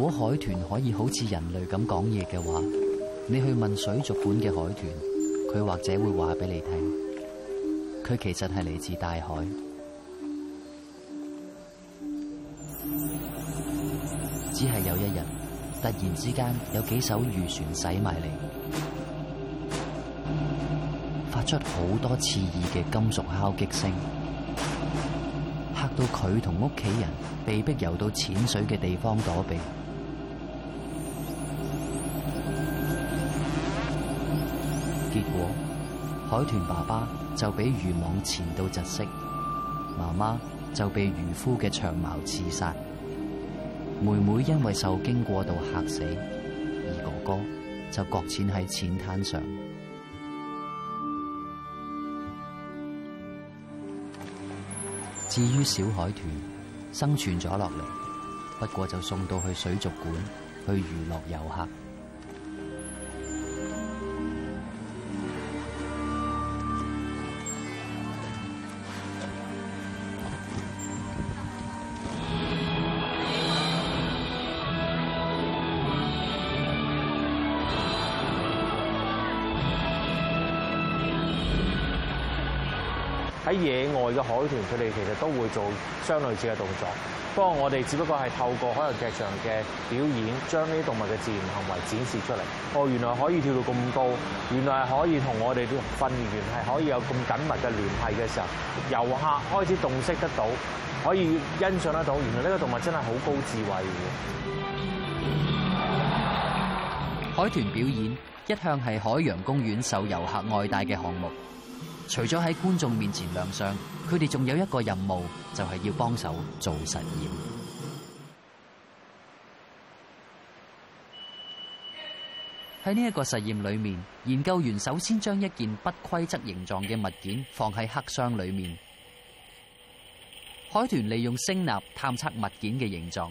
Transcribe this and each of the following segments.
如果海豚可以好似人類咁講嘢嘅話，你去問水族館嘅海豚，佢或者會話俾你聽，佢其實係嚟自大海。只係有一日，突然之間有幾艘漁船駛埋嚟，發出好多刺耳嘅金屬敲擊聲，嚇到佢同屋企人被逼游到淺水嘅地方躲避。海豚爸爸就俾漁網纏到窒息，媽媽就被漁夫嘅長矛刺殺，妹妹因為受驚過度嚇死，而哥哥就擱淺喺淺灘上。至於小海豚生存咗落嚟，不過就送到去水族館去娛樂遊客。喺野外嘅海豚，佢哋其實都會做相類似嘅動作。不過我哋只不過係透過海洋劇場嘅表演，將呢啲動物嘅自然行為展示出嚟。哦，原來可以跳到咁高，原來係可以同我哋啲訓練員係可以有咁緊密嘅聯繫嘅時候，遊客開始洞悉得到，可以欣賞得到，原來呢個動物真係好高智慧嘅。海豚表演一向係海洋公園受遊客愛戴嘅項目。除咗喺觀眾面前亮相，佢哋仲有一個任務，就係要幫手做實驗。喺呢一個實驗裏面，研究員首先將一件不規則形狀嘅物件放喺黑箱裏面，海豚利用聲納探測物件嘅形狀。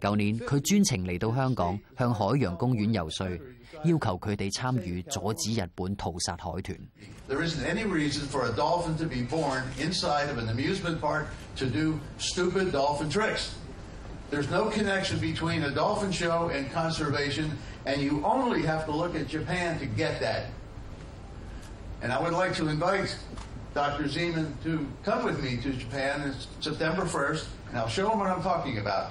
舊年佢專程嚟到香港向海洋公園遊説，要求佢哋參與阻止日本屠殺海豚。There isn't any reason for a dolphin to be born inside of an amusement park to do stupid dolphin tricks. There's no connection between a dolphin show and conservation, and you only have to look at Japan to get that. And I would like to invite Dr. Zeman to come with me to Japan on September 1st, and I'll show them what I'm talking about.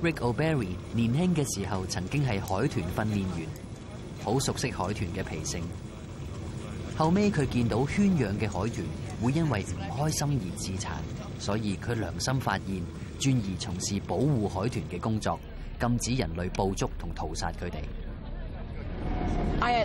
Rick O’Barry 年輕嘅時候曾經係海豚訓練員，好熟悉海豚嘅脾性。後尾佢見到圈養嘅海豚會因為唔開心而自殘，所以佢良心發現，轉而從事保護海豚嘅工作，禁止人類捕捉同屠殺佢哋。I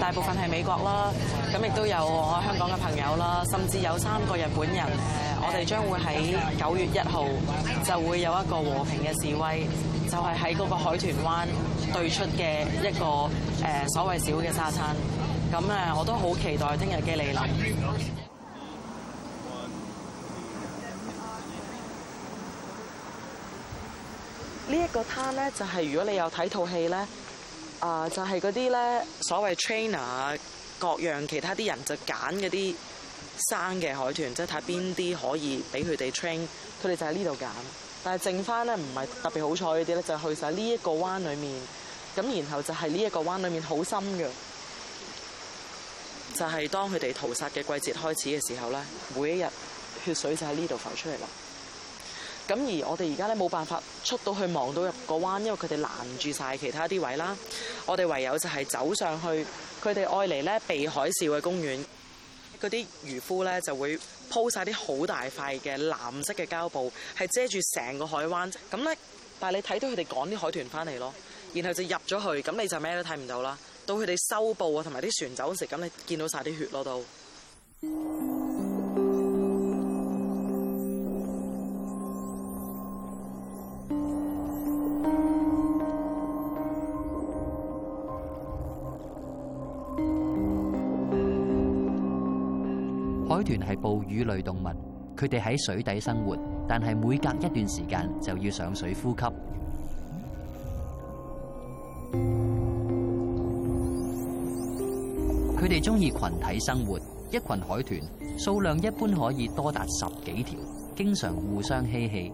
大部分係美國啦，咁亦都有我香港嘅朋友啦，甚至有三個日本人。誒，我哋將會喺九月一號就會有一個和平嘅示威，就係喺嗰個海豚灣對出嘅一個誒所謂小嘅沙灘。咁誒，我都好期待聽日嘅你啦、就係。呢一個灘咧，就係如果你有睇套戲咧。啊，就係嗰啲呢，所謂 trainer 各樣其他啲人就揀嗰啲生嘅海豚，即係睇邊啲可以俾佢哋 train，佢哋就喺呢度揀。但係剩翻呢，唔係特別好彩嗰啲呢，就去晒呢一個灣裏面。咁然後就係呢一個灣裏面好深嘅，就係當佢哋屠殺嘅季節開始嘅時候呢，每一日血水就喺呢度浮出嚟啦。咁而我哋而家咧冇辦法出到去望到入個灣，因為佢哋攔住晒其他啲位啦。我哋唯有就係走上去，佢哋愛嚟咧避海嘯嘅公園，嗰啲漁夫咧就會鋪晒啲好大塊嘅藍色嘅膠布，係遮住成個海灣。咁咧，但係你睇到佢哋趕啲海豚翻嚟咯，然後就入咗去，咁你就咩都睇唔到啦。到佢哋收布啊，同埋啲船走嘅時，咁你見到晒啲血落度。海豚係哺乳類動物，佢哋喺水底生活，但係每隔一段時間就要上水呼吸。佢哋中意群體生活，一群海豚數量一般可以多達十幾條，經常互相嬉戲。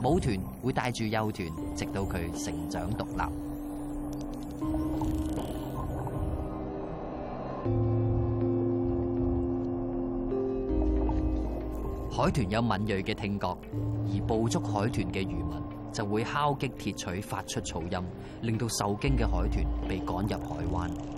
母豚會帶住幼豚，直到佢成長獨立。海豚有敏銳嘅聽覺，而捕捉海豚嘅漁民就會敲擊鐵錘，發出噪音，令到受驚嘅海豚被趕入海灣。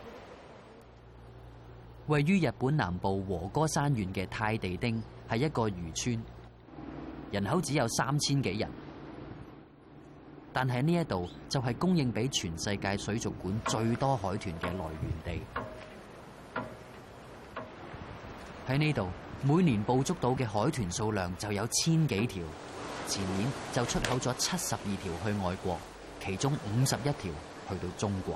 位於日本南部和歌山縣嘅太地町係一個漁村，人口只有三千幾人，但係喺呢一度就係供應俾全世界水族館最多海豚嘅來源地。喺呢度，每年捕捉到嘅海豚數量就有千幾條，前年就出口咗七十二條去外國，其中五十一條去到中國。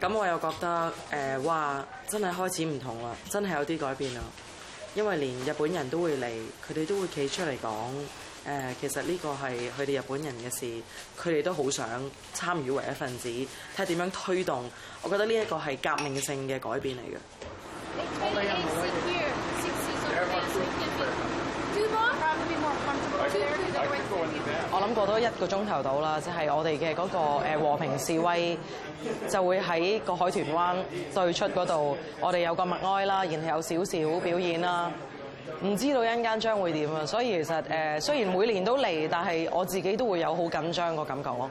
咁我又覺得誒，哇！真係開始唔同啦，真係有啲改變啦。因為連日本人都會嚟，佢哋都會企出嚟講誒，其實呢個係佢哋日本人嘅事，佢哋都好想參與為一份子，睇下點樣推動。我覺得呢一個係革命性嘅改變嚟嘅。咁過多一個鐘頭到啦，即係我哋嘅嗰個誒和平示威就會喺個海豚灣對出嗰度，我哋有個默哀啦，然後有少少表演啦，唔知道一間將會點啊！所以其實誒，雖然每年都嚟，但係我自己都會有好緊張個感覺咯。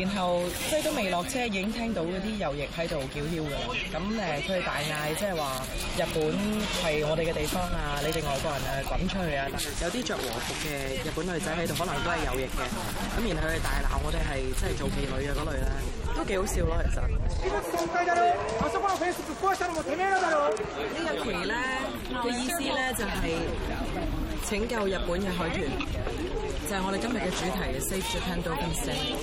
然後，佢都未落車，已經聽到嗰啲右翼喺度叫囂㗎啦。咁誒，佢大嗌，即係話日本係我哋嘅地方啊！你哋外國人啊，滾出去啊！有啲著和服嘅日本女仔喺度，可能都係右翼嘅。咁然後佢大鬧我哋係，即係做妓女嘅嗰類啦，都幾好笑囉，其實。呢個送雞仔咯，我收翻落去，唔該曬，呢意思咧就係拯救日本嘅海豚。就係我哋今日嘅主題，Save the Pendulum Stone。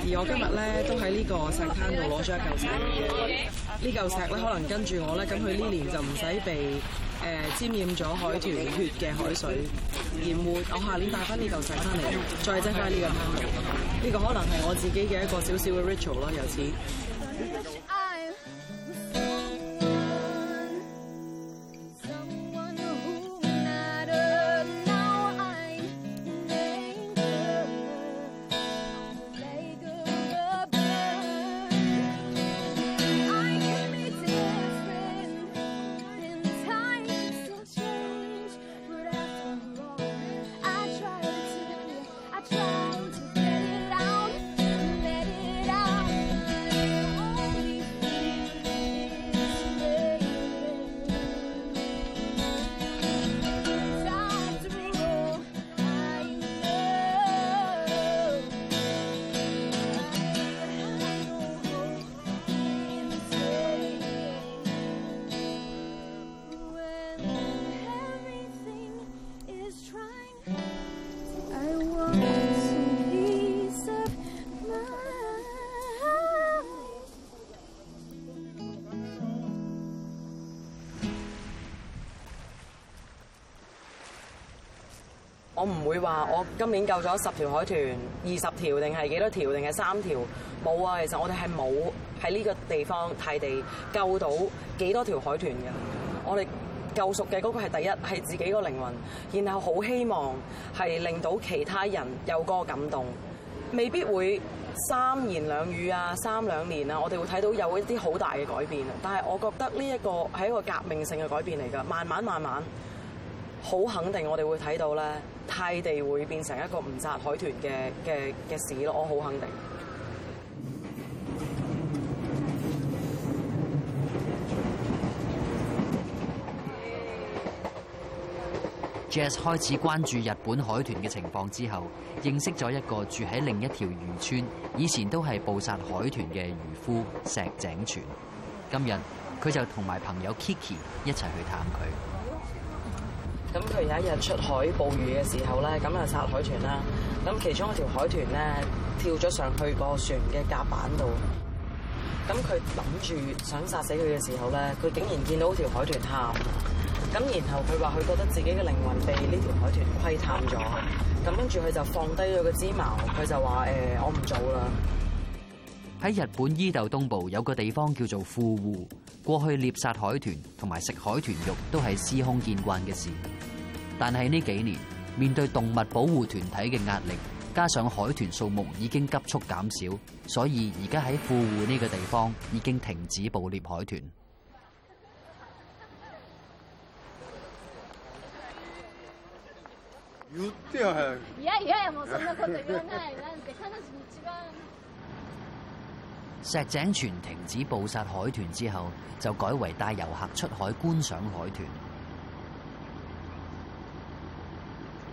而我今日咧都喺呢個石灘度攞咗一嚿石，這個石呢嚿石咧可能跟住我咧，咁佢呢年就唔使被誒、呃、沾染咗海豚血嘅海水染污。我下年帶翻呢嚿石翻嚟，再掙翻呢個灘度。呢、這個可能係我自己嘅一個小小嘅 ritual 咯，由此。哦佢話我今年救咗十條海豚，二十條定係幾多條？定係三條？冇啊！其實我哋係冇喺呢個地方太地救到幾多條海豚嘅。我哋救贖嘅嗰個係第一係自己個靈魂，然後好希望係令到其他人有個感動，未必會三言兩語啊，三兩年啊，我哋會睇到有一啲好大嘅改變。但係我覺得呢一個係一個革命性嘅改變嚟㗎，慢慢慢慢。好肯定，我哋會睇到咧，太地會變成一個唔殺海豚嘅嘅嘅市咯。我好肯定。Jess Yes, 開始關注日本海豚嘅情況之後，認識咗一個住喺另一條漁村，以前都係捕殺海豚嘅漁夫石井泉。今日佢就同埋朋友 Kiki 一齊去探佢。咁佢有一日出海捕魚嘅時候咧，咁啊殺海豚啦。咁其中一條海豚咧跳咗上去個船嘅甲板度。咁佢諗住想殺死佢嘅時候咧，佢竟然見到條海豚喊。咁然後佢話：佢覺得自己嘅靈魂被呢條海豚窺探咗。咁跟住佢就放低咗個枝矛，佢就話：呃，我唔做啦。喺日本伊豆東部有個地方叫做富戶，過去獵殺海豚同埋食海豚肉都係司空見慣嘅事。但係呢幾年，面對動物保護團體嘅壓力，加上海豚數目已經急速減少，所以而家喺富戶呢個地方已經停止捕獵海豚。石井泉停止捕殺海豚之後，就改為帶游客出海觀賞海豚。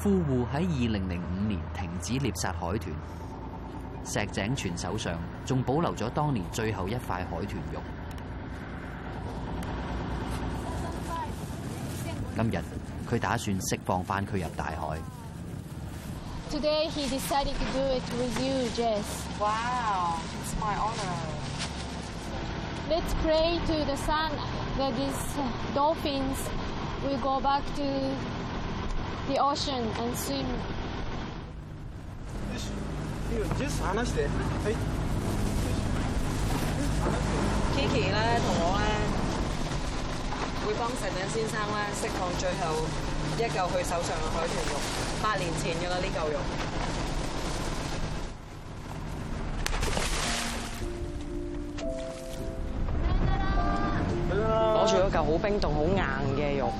富戶喺2005年停止獵殺海豚，石井泉手上仲保留咗當年最後一塊海豚肉。今日佢打算釋放返佢入大海，入大海。Jess The ocean and soon,Kiki 咧，同我咧，會幫成蔭先生咧釋放最後一嚿佢手上嘅海豚肉，八年前嘅啦，呢嚿肉。攞住一嚿好冰凍、好硬嘅肉。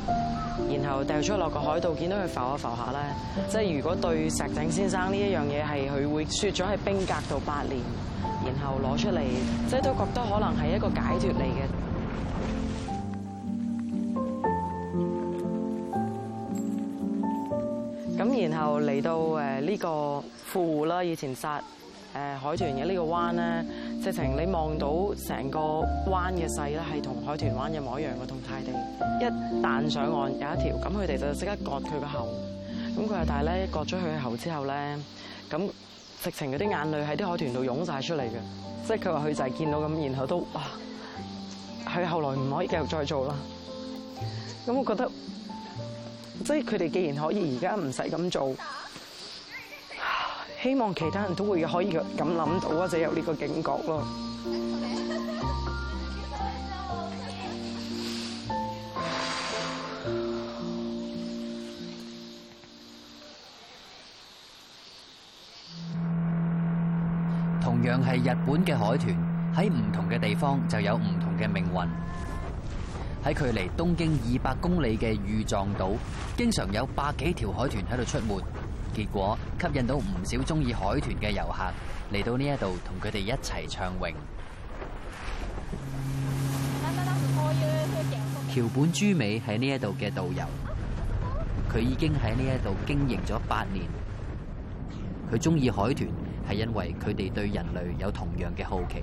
然後掉出落個海度，見到佢浮下浮下咧，即係如果對石井先生呢一樣嘢，係佢會雪咗喺冰格度八年，然後攞出嚟，即係都覺得可能係一個解脫嚟嘅。咁然後嚟到誒呢個富湖啦，以前殺誒海豚嘅呢個灣咧。直情你望到成個灣嘅勢咧，係同海豚灣一模一樣嘅同太地。一彈上岸有一條，咁佢哋就即刻割佢個喉。咁佢話，但係咧割咗佢個喉之後咧，咁直情嗰啲眼淚喺啲海豚度湧晒出嚟嘅。即係佢話佢就係見到咁，然後都，啊，佢後來唔可以繼續再做啦。咁我覺得，即係佢哋既然可以而家唔使咁做。希望其他人都會可以咁諗到或者有呢個警覺咯。同樣係日本嘅海豚，喺唔同嘅地方就有唔同嘅命運。喺距離東京二百公里嘅御藏島，經常有百幾條海豚喺度出沒。結果吸引到唔少中意海豚嘅遊客嚟到呢一度同佢哋一齊暢泳。橋本朱美喺呢一度嘅導遊，佢已經喺呢一度經營咗八年。佢中意海豚係因為佢哋對人類有同樣嘅好奇。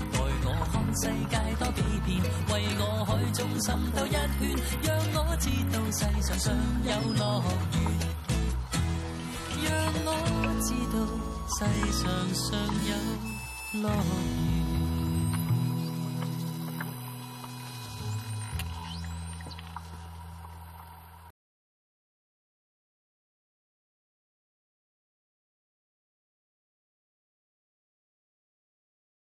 看世界多幾遍，為我海中心兜一圈，讓我知道世上尚有樂園，讓我知道世上尚有樂園。